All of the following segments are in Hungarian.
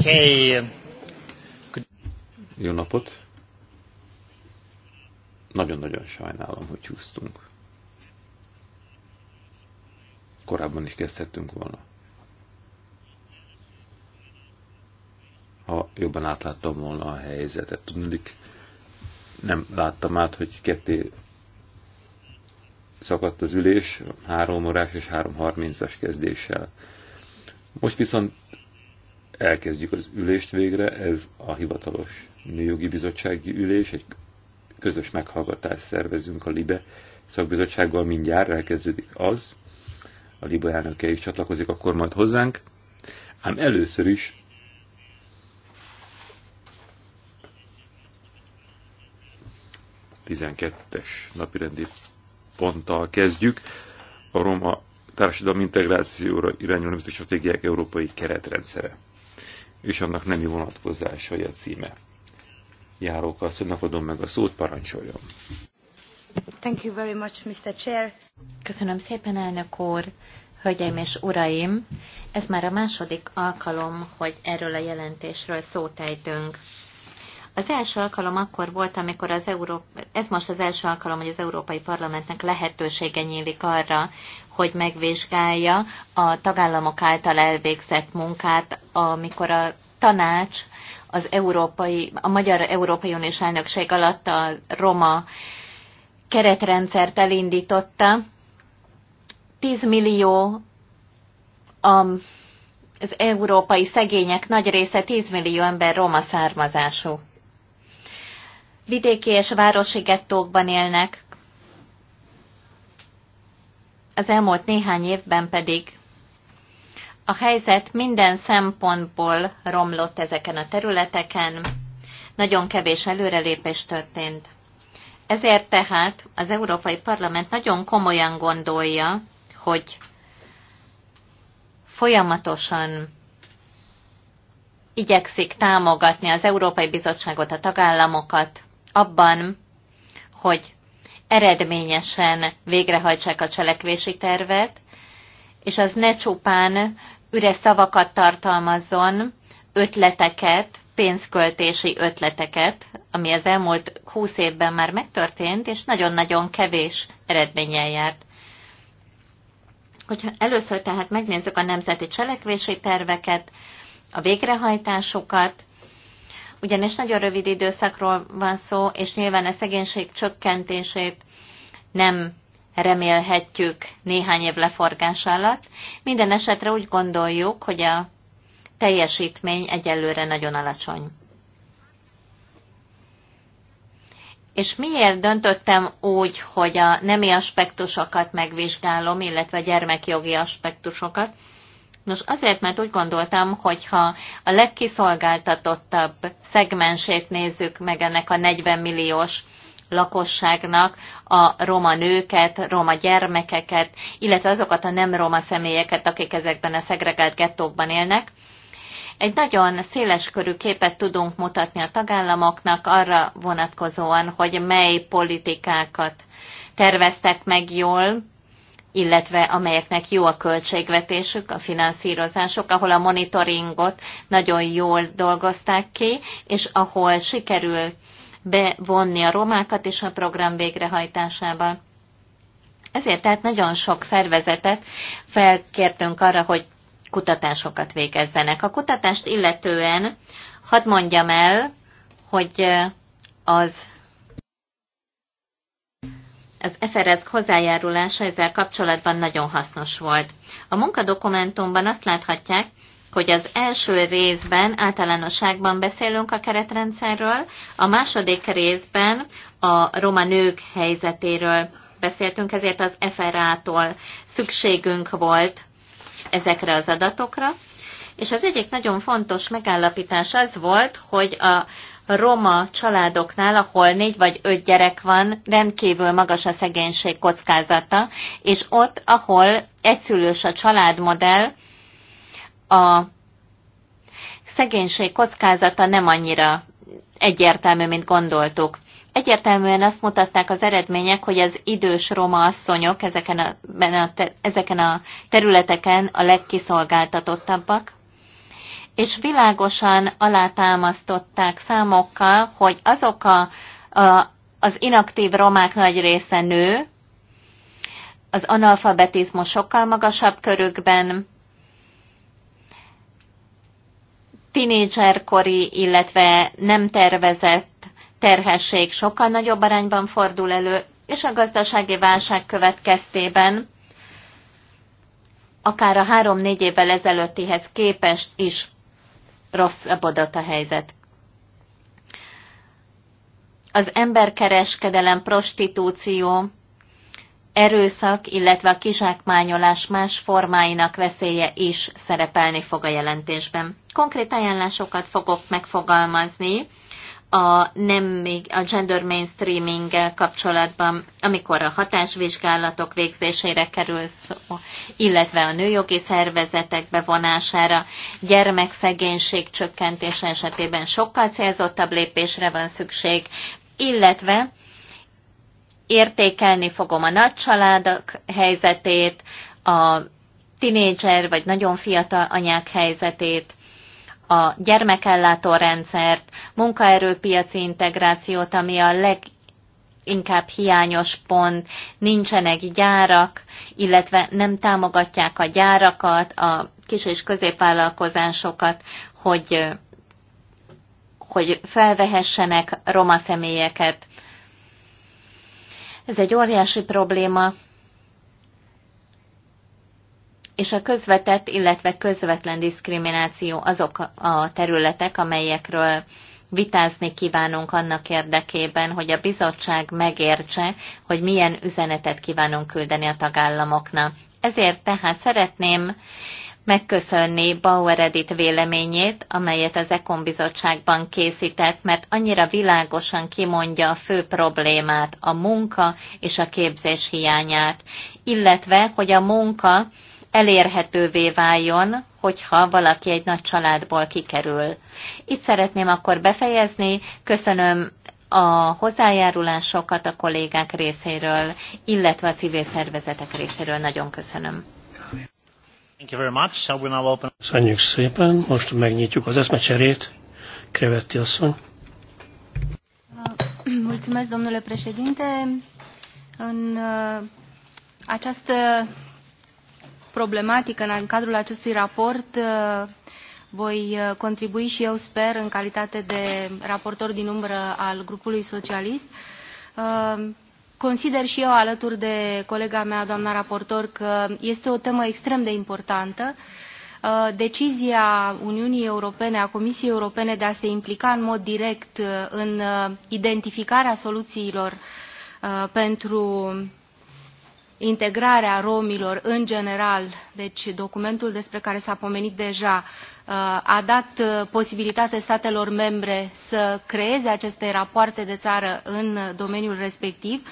Okay. Jó napot! Nagyon-nagyon sajnálom, hogy csúsztunk. Korábban is kezdhettünk volna. Ha jobban átláttam volna a helyzetet, tudnék, nem láttam át, hogy ketté szakadt az ülés, három órás és három harmincas kezdéssel. Most viszont elkezdjük az ülést végre, ez a hivatalos Nőjogi Bizottsági Ülés, egy közös meghallgatást szervezünk a LIBE szakbizottsággal mindjárt, elkezdődik az, a LIBE elnöke is csatlakozik akkor majd hozzánk, ám először is tizenkettes napirendi ponttal kezdjük, a roma társadalmi integrációra irányuló nemzeti stratégiák európai keretrendszere és annak nemi vonatkozásai a címe. Járók hogy adom meg a szót, parancsoljon. Thank you very much, Mr. Chair. Köszönöm szépen, elnök úr. Hölgyeim és uraim, ez már a második alkalom, hogy erről a jelentésről szót ejtünk. Az első alkalom akkor volt, amikor az Európa, ez most az első alkalom, hogy az Európai Parlamentnek lehetősége nyílik arra, hogy megvizsgálja a tagállamok által elvégzett munkát, amikor a tanács az európai, a Magyar Európai Uniós Elnökség alatt a roma keretrendszert elindította. 10 millió a az európai szegények nagy része 10 millió ember roma származású vidéki és városi gettókban élnek. Az elmúlt néhány évben pedig a helyzet minden szempontból romlott ezeken a területeken, nagyon kevés előrelépés történt. Ezért tehát az Európai Parlament nagyon komolyan gondolja, hogy folyamatosan igyekszik támogatni az Európai Bizottságot, a tagállamokat abban, hogy eredményesen végrehajtsák a cselekvési tervet, és az ne csupán üres szavakat tartalmazzon, ötleteket, pénzköltési ötleteket, ami az elmúlt húsz évben már megtörtént, és nagyon-nagyon kevés eredménnyel járt. Hogyha először tehát megnézzük a nemzeti cselekvési terveket, a végrehajtásokat, ugyanis nagyon rövid időszakról van szó, és nyilván a szegénység csökkentését nem remélhetjük néhány év leforgás alatt. Minden esetre úgy gondoljuk, hogy a teljesítmény egyelőre nagyon alacsony. És miért döntöttem úgy, hogy a nemi aspektusokat megvizsgálom, illetve a gyermekjogi aspektusokat? Nos, azért, mert úgy gondoltam, hogyha a legkiszolgáltatottabb szegmensét nézzük meg ennek a 40 milliós lakosságnak a roma nőket, roma gyermekeket, illetve azokat a nem roma személyeket, akik ezekben a szegregált gettókban élnek, egy nagyon széles körű képet tudunk mutatni a tagállamoknak arra vonatkozóan, hogy mely politikákat terveztek meg jól, illetve amelyeknek jó a költségvetésük, a finanszírozások, ahol a monitoringot nagyon jól dolgozták ki, és ahol sikerül bevonni a romákat is a program végrehajtásába. Ezért tehát nagyon sok szervezetet felkértünk arra, hogy kutatásokat végezzenek. A kutatást illetően hadd mondjam el, hogy az az EFEREZK hozzájárulása ezzel kapcsolatban nagyon hasznos volt. A munkadokumentumban azt láthatják, hogy az első részben általánosságban beszélünk a keretrendszerről, a második részben a roma nők helyzetéről beszéltünk, ezért az FRA-tól szükségünk volt ezekre az adatokra. És az egyik nagyon fontos megállapítás az volt, hogy a roma családoknál, ahol négy vagy öt gyerek van, rendkívül magas a szegénység kockázata, és ott, ahol egyszülős a családmodell, a szegénység kockázata nem annyira egyértelmű, mint gondoltuk. Egyértelműen azt mutatták az eredmények, hogy az idős roma asszonyok ezeken a, ezeken a területeken a legkiszolgáltatottabbak, és világosan alátámasztották számokkal, hogy azok a, a, az inaktív romák nagy része nő, az analfabetizmus sokkal magasabb körükben, tinédzserkori, illetve nem tervezett terhesség sokkal nagyobb arányban fordul elő, és a gazdasági válság következtében akár a három-négy évvel ezelőttihez képest is rosszabb adat a helyzet. Az emberkereskedelem, prostitúció, erőszak, illetve a kizsákmányolás más formáinak veszélye is szerepelni fog a jelentésben. Konkrét ajánlásokat fogok megfogalmazni a, nem, még a gender mainstreaming kapcsolatban, amikor a hatásvizsgálatok végzésére kerül szó, illetve a nőjogi szervezetek bevonására, gyermekszegénység csökkentése esetében sokkal célzottabb lépésre van szükség, illetve értékelni fogom a családok helyzetét, a tinédzser vagy nagyon fiatal anyák helyzetét, a gyermekellátó rendszert, munkaerőpiaci integrációt, ami a leginkább hiányos pont, nincsenek gyárak, illetve nem támogatják a gyárakat, a kis és középvállalkozásokat, hogy, hogy felvehessenek roma személyeket. Ez egy óriási probléma, és a közvetett, illetve közvetlen diszkrimináció azok a területek, amelyekről vitázni kívánunk annak érdekében, hogy a bizottság megértse, hogy milyen üzenetet kívánunk küldeni a tagállamoknak. Ezért tehát szeretném megköszönni Bauer Edith véleményét, amelyet az Ekon bizottságban készített, mert annyira világosan kimondja a fő problémát, a munka és a képzés hiányát, illetve, hogy a munka elérhetővé váljon, hogyha valaki egy nagy családból kikerül. Itt szeretném akkor befejezni. Köszönöm a hozzájárulásokat a kollégák részéről, illetve a civil szervezetek részéről. Nagyon köszönöm. Thank you very much. Open... Köszönjük szépen. Most megnyitjuk az eszmecserét. Krevetti asszony. Uh, mulțumesc, domnule președinte. În uh, această problematică în cadrul acestui raport uh, voi uh, contribui și eu, sper, în calitate de raportor din umbră al grupului socialist. Uh, consider și eu, alături de colega mea, doamna raportor, că este o temă extrem de importantă. Decizia Uniunii Europene, a Comisiei Europene de a se implica în mod direct în identificarea soluțiilor pentru integrarea romilor în general, deci documentul despre care s-a pomenit deja, uh, a dat uh, posibilitate statelor membre să creeze aceste rapoarte de țară în domeniul respectiv.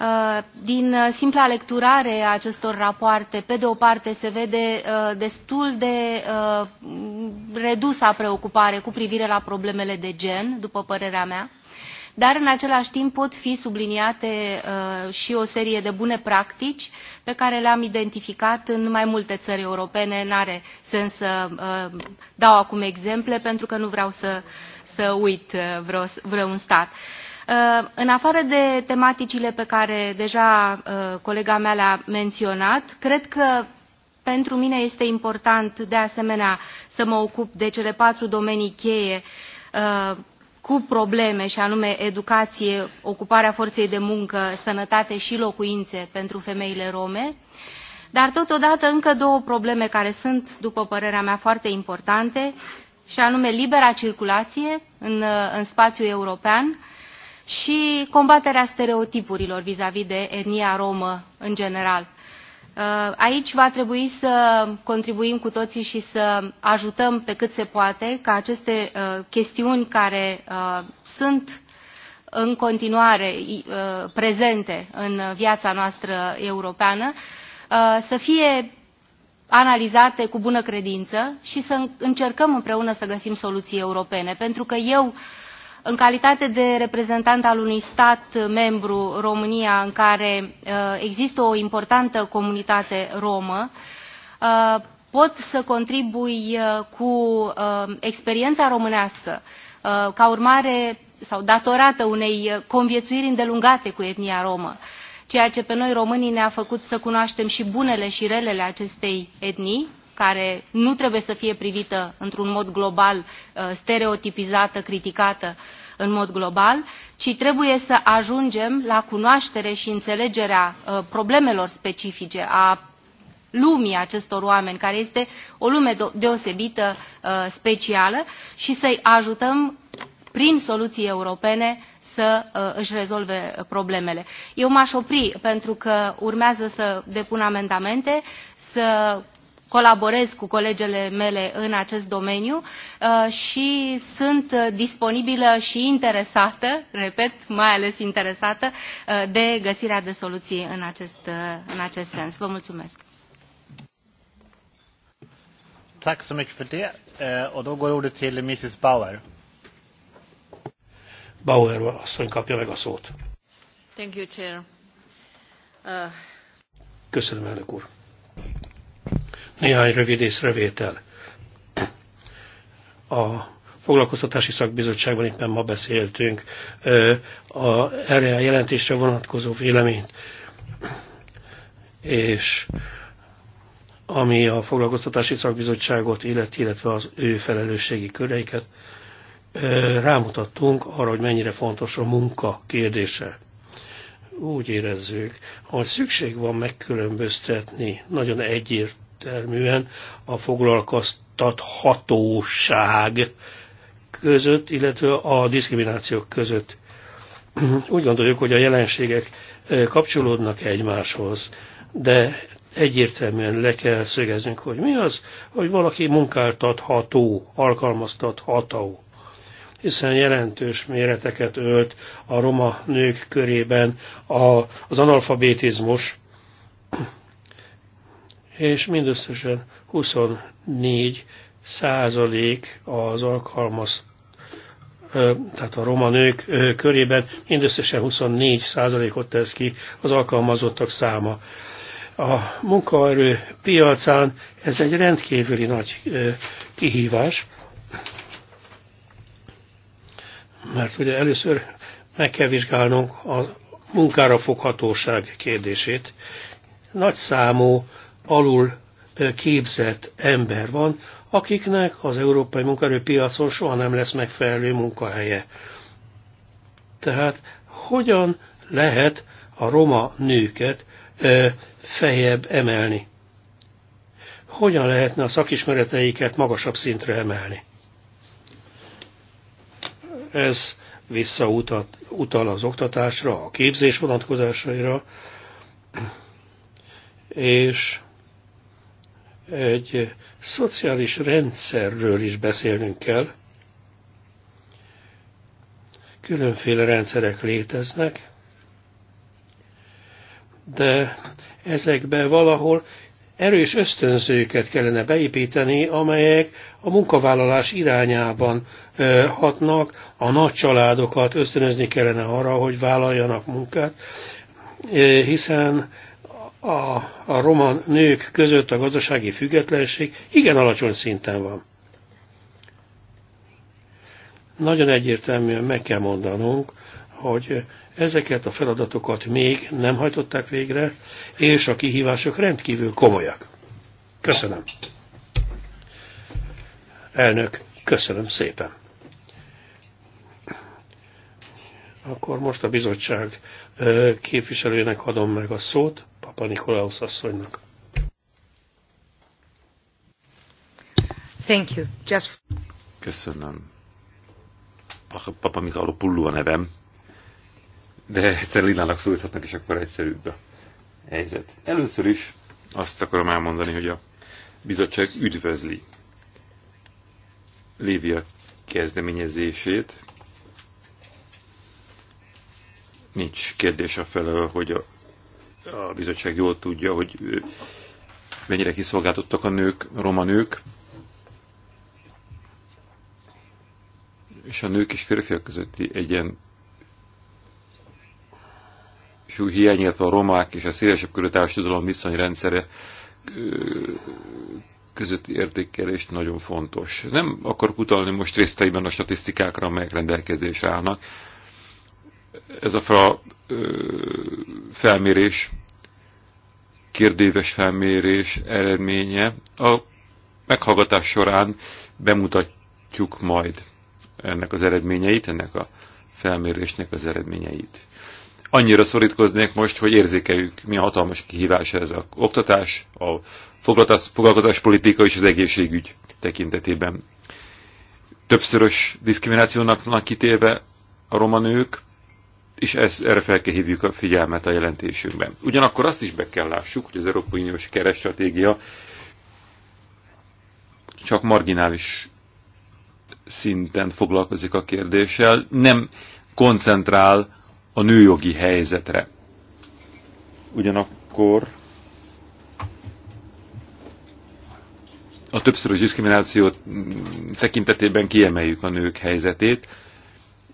Uh, din simpla lecturare a acestor rapoarte, pe de o parte se vede destul de redusă preocupare cu privire la problemele de gen, după părerea mea, dar în același timp pot fi subliniate uh, și o serie de bune practici pe care le-am identificat în mai multe țări europene. N-are sens să uh, dau acum exemple pentru că nu vreau să, să uit uh, vreo, vreun stat. Uh, în afară de tematicile pe care deja uh, colega mea le-a menționat, cred că pentru mine este important de asemenea să mă ocup de cele patru domenii cheie cu probleme, și anume educație, ocuparea forței de muncă, sănătate și locuințe pentru femeile rome, dar totodată încă două probleme care sunt, după părerea mea, foarte importante, și anume libera circulație în, în spațiul european și combaterea stereotipurilor vis-a-vis -vis de etnia romă în general Uh, aici va trebui să contribuim cu toții și să ajutăm pe cât se poate ca aceste uh, chestiuni care uh, sunt în continuare prezente în viața noastră europeană să fie analizate cu bună credință și să încercăm împreună să găsim soluții europene. Pentru că eu uh, În calitate de reprezentant al unui stat membru, România, în care uh, există o importantă comunitate romă, uh, pot să contribui uh, cu experiența românească ca urmare sau datorată unei conviețuiri îndelungate cu etnia romă, ceea ce pe noi românii ne-a făcut să cunoaștem și bunele și relele acestei etnii care nu trebuie să fie privită într-un mod global, uh, stereotipizată, criticată în mod global, ci trebuie să ajungem la cunoaștere și înțelegerea uh, problemelor specifice, a lumii acestor oameni, care este o lume deosebită, uh, specială, și să-i ajutăm prin soluții europene să își rezolve problemele. Eu m-aș opri pentru că urmează să depun amendamente, să colaborez cu colegele mele în acest domeniu uh, și sunt uh, disponibilă și interesată, repet, mai ales interesată, uh, de găsirea de soluții în acest, în acest sens. Vă mulțumesc! Tack så mycket för det. Eh, och då går ordet till Mrs Bauer. Bauer asszony kapja meg a szót. Thank you, Chair. Uh... Köszönöm, elnök úr. Néhány rövid észrevétel. A foglalkoztatási szakbizottságban éppen ma beszéltünk a, erre a jelentésre vonatkozó véleményt, és ami a foglalkoztatási szakbizottságot illeti, illetve az ő felelősségi köreiket, rámutattunk arra, hogy mennyire fontos a munka kérdése. Úgy érezzük, hogy szükség van megkülönböztetni nagyon egyért, egyértelműen a foglalkoztathatóság között, illetve a diszkriminációk között. Úgy gondoljuk, hogy a jelenségek kapcsolódnak egymáshoz, de egyértelműen le kell szögeznünk, hogy mi az, hogy valaki munkáltatható, alkalmaztatható. Hiszen jelentős méreteket ölt a roma nők körében az analfabetizmus, és mindösszesen 24 százalék az alkalmaz, tehát a roma nők körében mindösszesen 24 százalékot tesz ki az alkalmazottak száma. A munkaerő piacán ez egy rendkívüli nagy kihívás, mert ugye először meg kell vizsgálnunk a munkára foghatóság kérdését. Nagy számú alul képzett ember van, akiknek az európai munkaerőpiacon soha nem lesz megfelelő munkahelye. Tehát hogyan lehet a roma nőket ö, fejebb emelni? Hogyan lehetne a szakismereteiket magasabb szintre emelni? Ez visszautal az oktatásra, a képzés vonatkozásaira, és egy szociális rendszerről is beszélnünk kell. Különféle rendszerek léteznek, de ezekbe valahol erős ösztönzőket kellene beépíteni, amelyek a munkavállalás irányában hatnak, a nagy családokat ösztönözni kellene arra, hogy vállaljanak munkát, hiszen a, a roma nők között a gazdasági függetlenség igen alacsony szinten van. Nagyon egyértelműen meg kell mondanunk, hogy ezeket a feladatokat még nem hajtották végre, és a kihívások rendkívül komolyak. Köszönöm. Elnök, köszönöm szépen. Akkor most a bizottság képviselőjének adom meg a szót. Nikolaus asszonynak. Thank you. Just... Köszönöm. Papa Pullu a nevem. De egyszer Lilának szólíthatnak, és akkor egyszerűbb a helyzet. Először is azt akarom elmondani, hogy a bizottság üdvözli Lévia kezdeményezését. Nincs kérdés a felől, hogy a a bizottság jól tudja, hogy mennyire kiszolgáltottak a nők, a roma nők, és a nők és férfiak közötti egyen súly hiány, illetve a romák és a szélesebb körű társadalom viszonyrendszere közötti értékelés nagyon fontos. Nem akarok utalni most részteiben a statisztikákra, amelyek rendelkezésre állnak, ez a ö, felmérés, kérdéves felmérés eredménye a meghallgatás során bemutatjuk majd ennek az eredményeit, ennek a felmérésnek az eredményeit. Annyira szorítkoznék most, hogy érzékeljük, milyen hatalmas kihívás ez a oktatás, a politika és az egészségügy tekintetében. Többszörös diszkriminációnak kitéve a romanők, és ezt, erre fel kell hívjuk a figyelmet a jelentésünkben. Ugyanakkor azt is be kell lássuk, hogy az Európai Uniós keresztratégia csak marginális szinten foglalkozik a kérdéssel, nem koncentrál a nőjogi helyzetre. Ugyanakkor a többszörös diszkrimináció tekintetében kiemeljük a nők helyzetét,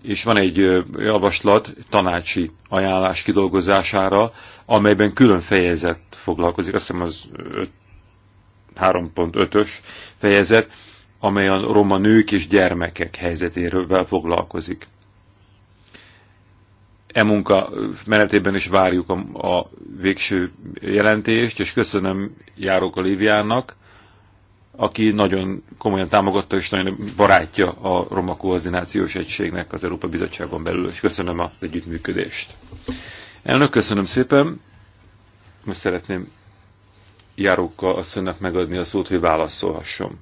és van egy javaslat tanácsi ajánlás kidolgozására, amelyben külön fejezet foglalkozik, azt hiszem az 3.5-ös fejezet, amely a roma nők és gyermekek helyzetéről foglalkozik. E munka menetében is várjuk a, a végső jelentést, és köszönöm Járók Oliviának, aki nagyon komolyan támogatta és nagyon barátja a Roma Koordinációs Egységnek az Európa Bizottságon belül, és köszönöm az együttműködést. Elnök, köszönöm szépen. Most szeretném járókkal szönnek megadni a szót, hogy válaszolhasson.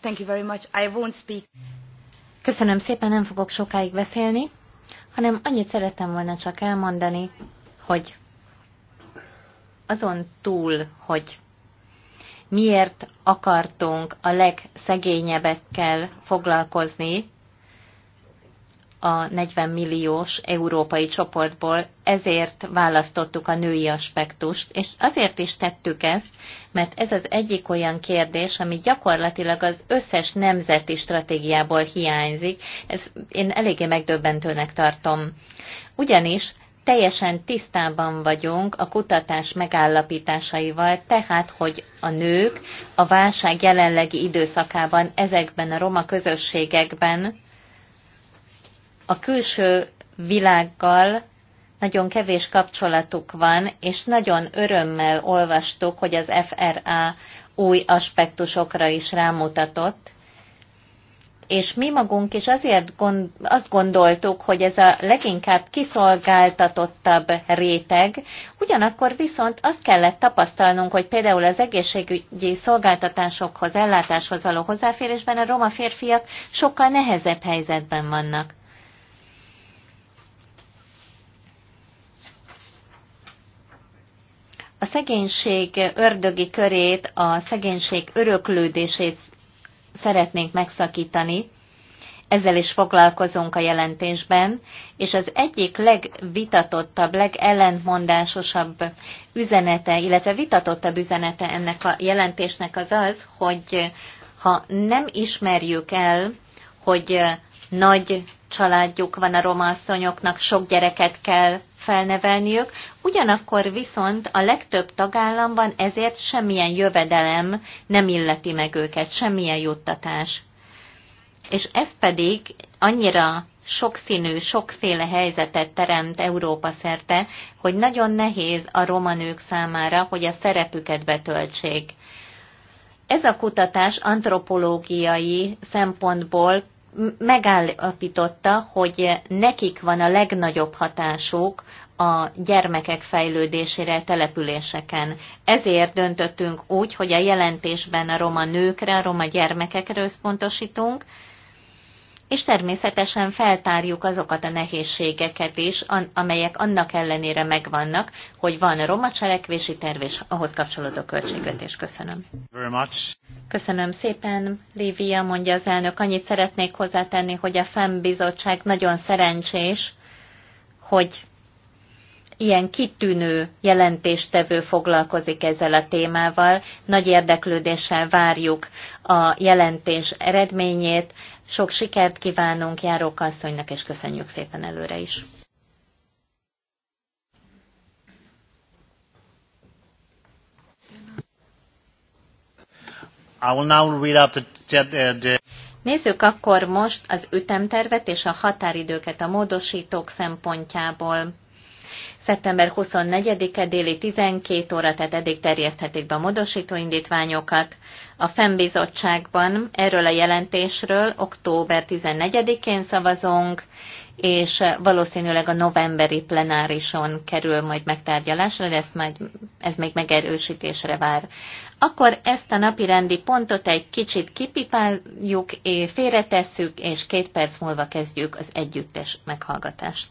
Thank you very much. I won't speak. Köszönöm szépen, nem fogok sokáig beszélni, hanem annyit szerettem volna csak elmondani, hogy azon túl, hogy miért akartunk a legszegényebbekkel foglalkozni a 40 milliós európai csoportból, ezért választottuk a női aspektust, és azért is tettük ezt, mert ez az egyik olyan kérdés, ami gyakorlatilag az összes nemzeti stratégiából hiányzik. Ez én eléggé megdöbbentőnek tartom. Ugyanis teljesen tisztában vagyunk a kutatás megállapításaival, tehát, hogy a nők a válság jelenlegi időszakában ezekben a roma közösségekben a külső világgal nagyon kevés kapcsolatuk van, és nagyon örömmel olvastuk, hogy az FRA új aspektusokra is rámutatott, és mi magunk is azért gond, azt gondoltuk, hogy ez a leginkább kiszolgáltatottabb réteg, ugyanakkor viszont azt kellett tapasztalnunk, hogy például az egészségügyi szolgáltatásokhoz, ellátáshoz való hozzáférésben a roma férfiak sokkal nehezebb helyzetben vannak. A szegénység ördögi körét, a szegénység öröklődését szeretnénk megszakítani, ezzel is foglalkozunk a jelentésben, és az egyik legvitatottabb, legellentmondásosabb üzenete, illetve vitatottabb üzenete ennek a jelentésnek az az, hogy ha nem ismerjük el, hogy nagy családjuk van a roma asszonyoknak, sok gyereket kell felnevelniük, ugyanakkor viszont a legtöbb tagállamban ezért semmilyen jövedelem nem illeti meg őket, semmilyen juttatás. És ez pedig annyira sokszínű, sokféle helyzetet teremt Európa szerte, hogy nagyon nehéz a roma nők számára, hogy a szerepüket betöltsék. Ez a kutatás antropológiai szempontból megállapította, hogy nekik van a legnagyobb hatásuk a gyermekek fejlődésére településeken. Ezért döntöttünk úgy, hogy a jelentésben a roma nőkre, a roma gyermekekre összpontosítunk, és természetesen feltárjuk azokat a nehézségeket is, amelyek annak ellenére megvannak, hogy van roma cselekvési terv és ahhoz kapcsolódó költségvetés. Köszönöm. Very much. Köszönöm szépen, Lívia, mondja az elnök. Annyit szeretnék hozzátenni, hogy a FEM bizottság nagyon szerencsés, hogy ilyen kitűnő jelentéstevő foglalkozik ezzel a témával. Nagy érdeklődéssel várjuk a jelentés eredményét, sok sikert kívánunk Járók asszonynak, és köszönjük szépen előre is. I will now read out the, the, the... Nézzük akkor most az ütemtervet és a határidőket a módosítók szempontjából. Szeptember 24-e déli 12 óra, tehát eddig terjeszthetik be a módosító indítványokat. A FEM erről a jelentésről október 14-én szavazunk, és valószínűleg a novemberi plenárison kerül majd megtárgyalásra, de ezt majd, ez még megerősítésre vár. Akkor ezt a napi rendi pontot egy kicsit kipipáljuk, félretesszük, és két perc múlva kezdjük az együttes meghallgatást.